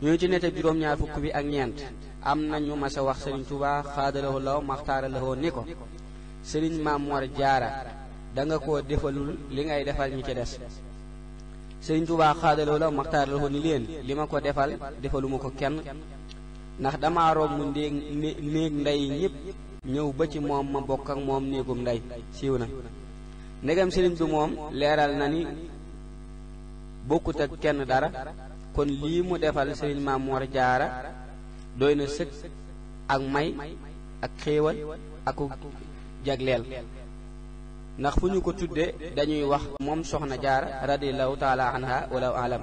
ñu ngi ci nete juróom-ñaar fukk bi ak ñeent am ñu ma a wax sëriñ Tuubaa xaadalawo law maxtaara lawoo ni ko sëriñ Maam Mor Jaara danga ko koo defalul li ngay defal ñi ci des sëriñ Tuubaa xaadalawo law maxtaara lawoo ni leen li ma ko defal defaluma ko kenn ndax dama romb ndéeg néeg ndey ñëpp ñëw ba ci moom ma bokk ak moom néegum ndey siiw na ndegam sëriñ bi moom leeral na ni bokkut kenn dara kon lii mu defal sëriñ Maam Mor Jaara doy na sëkk ak may ak xéewal ak jagleel ndax fu ñu ko tudde dañuy wax moom soxna jaara radiallahu taala anha walaw alam